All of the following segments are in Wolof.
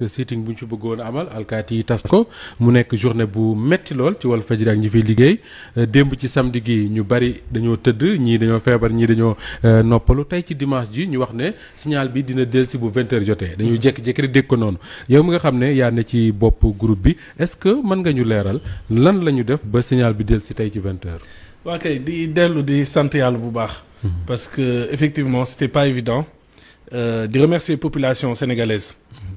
que sitting buñ ci bëggoon amal alkati yi mu nekk journée bu metti lool ci wal fajiri ak ñi fi liggéey euh, démb ci samedi gi ñu bari dañoo tëdd ñi dañoo feebar ñi dañoo euh, noppalu tay ci dimanche ji ñu wax ne signal bi dina delsi bu 20 h jotee dañu jékki-jékki rek dékk ko noonu yow mi nga xam ne yaa ne ci bopp groupe bi est-ce que mën nga ñu leeral lan lañu def ba signal bi delsi tay ci 20 heures. waa kay di dellu di sant yàlla bu baax. Hmm. parce que effectivement c'était pas évident. Euh, di remercier population sénégalaise. Hmm.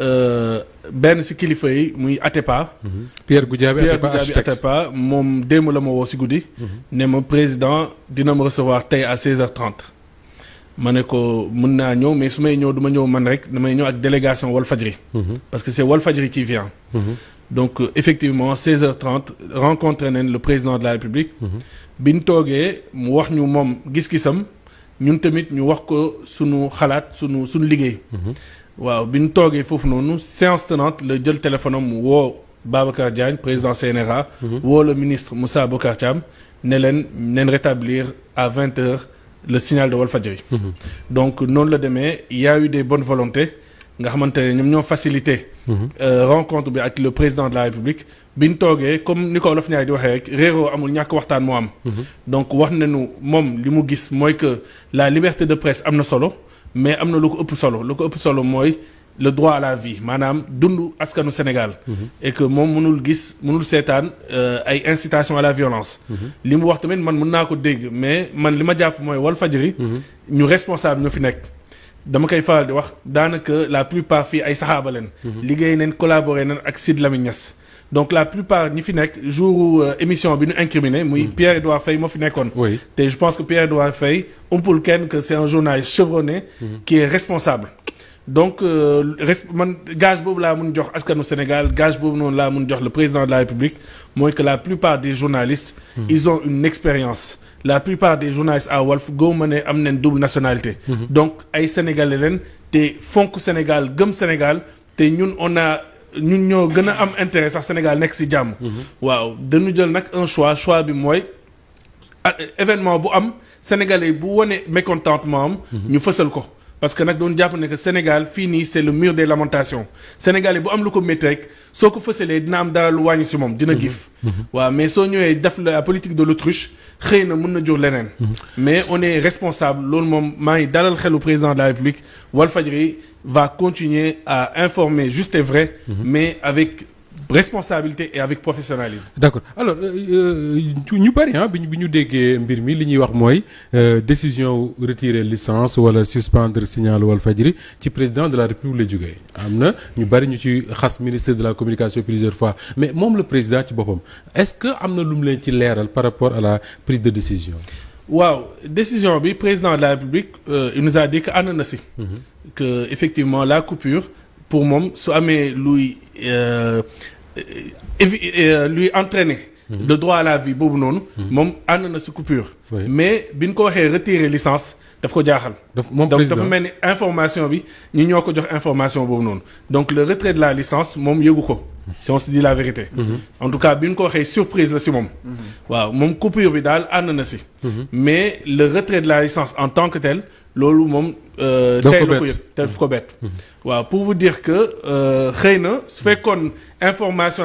Euh, ben si kilifa yi muy Atepa. Mhm. Pierre Goudiaby Atepa Atepa mom dem la mo wo si goudi mhm. ne ma président dina me recevoir tay à 16h30. ma ne ko mën naa ñëw mais sumay may ñëw du ñëw man rek dama ñëw ak délégation fadjri mhm. parce que c'est wal fadjri qui vient. donc euh, effectivement 16h30 rencontré nañ le président de la République. bi togué mu wax ñu mom gis-gisam ñun tamit ñu wax ko suñu xalaat suñu suñu liguey waaw bin ñu toogee nonou séance tenante le djël téléphone am Babacar Diagne président CNRA. Mhm. wo le ministre Moussa Bocar Thiam ne rétablir à 20h le signal de Walfadjri. Mhm. donc non le demain, il y a eu des bonnes volontés nga xamante ne ñoo facilité. Mhm. Euh, rencontre bi ak le président de la République bin ñu comme Nicolas ko Ndiaye di waxee rek réeroo amul ñak waxtaan mo am. donc wax nañu moom gis moy que la liberté de presse amna solo mais amna na lu ko ëpp solo lu ko ëpp solo moy le droit à la vie maanaam dund askanu Sénégal. Mhm. et que mom mënul gis mënul sétane euh, ay incitation à la violence. Mhm. limu wax tamen man mën ko dégg mais man lima japp moy wal Walfadjri mhm. ñu responsable ñu fi nek dama kay faal di wax danaka la plupart fii ay sahaba len ligéy neen collaboré neen ak sid Lamine Niass donc la plupart ni jour où jour euh, émission l'émission bien incriminé mm. Oui, Pierre Edouard Faye moi fi Oui. je pense que Pierre Edouard Faye le que c'est un journaliste chevronné. Mm -hmm. qui est responsable. donc euh, man gage boobu jox Sénégal gage bob non la le président de la République moi que la plupart des journalistes. Mm -hmm. ils ont une expérience. la plupart des journalistes à Wolf gëwuma ne une double nationalité. -hmm. donc ay sénégalais leen fond fonk Sénégal gëm Sénégal t'es nous on a. Nous ñoo gën am intérêt sax Sénégal next ci wow waaw dañu jël nak un choix choix bi moy ah, événement bu am sénégalais bu woné mécontentement nous ñu fësal ko parce que nous avons dit que le Sénégal fini c'est le mur des lamentations Le Sénégal est bu am comme ko métti Ce qu'il faut, c'est dina am dara lu mhm. Mhm. Mais si dina gif mais def la politique de l'autruche xëy ne peut pas mais on est responsable Le moom le président de la République Walfadri, va continuer à informer juste et vrai mhm. mais avec responsabilité et avec professionnalisme. d'accord alors euh, euh, ñu bari parlons, hein, bi ñu bi ñu li ñuy wax mooy euh, décision retirer licence wala suspendre signal Walfadjri le président de la république du Gué. Nous na ñu bari ñu ministre de la communication plusieurs fois mais même le président ci est-ce que nous avons lu par rapport à la prise de décision. waaw décision le président de la république il nous a dit que mm-hmm. que effectivement la coupure pour moi, si lui lui entraîner. le mhm. droit à la vie bon non mhm. coupure. mais bi ko licence daf ko donc dafa information bi ñu que information non donc le retrait de la licence moom yëgu si on se dit la vérité. Mhm. en tout cas il y a surprise la si mon mhm. waaw coupure bi mhm. mais le retrait de la licence en tant que tel c'est mon tel la pour vous dire que si se fait qu'on information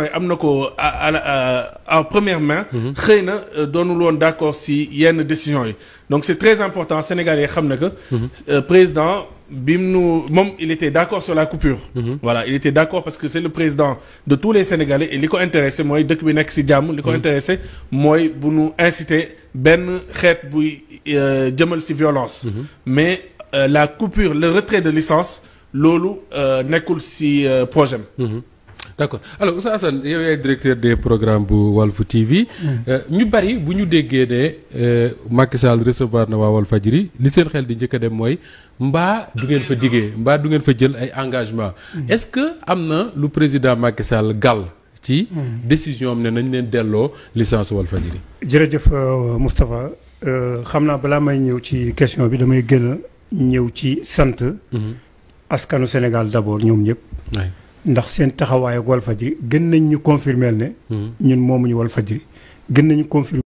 en première main. Euh, on nous d'accord s'il il y a une décision donc c'est très important Sénégalais le euh, président il était d'accord sur la coupure mhm. voilà il était d'accord parce que c'est le président de tous les sénégalais et li intéressé Il dëkk bi mhm. intéressé pour nous inciter Ben faire des violences. ci violence mhm. mais euh, la coupure le retrait de licence n'est euh, nekkul ci euh, projet D'accord. alors Oustaz Assane directeur des programmes bu Walfu TV. Hmm. Euh, ñu bari bu ñu déggee ne euh, Macky Sall recevoir na waa Walfadjri li seen xel di njëkk a dem mooy mbaa du ngeen fa diggee mbaa du ngeen fa jël ay engagement hmm. est ce que am le président Macky Sall gàll ci hmm. décision am ne nañ leen delloo licence Walfadjri. jërëjëf euh, Moustapha xam naa balaa may ñëw ci question bi damay gën a ñëw ci sant. askanu Sénégal d' abord ñëpp. ndax seen taxawaayu Walfadjri gën nañ ñu confirmer ne. Hmm. ñun moomuñu Walfadjri gën nañu confirmer.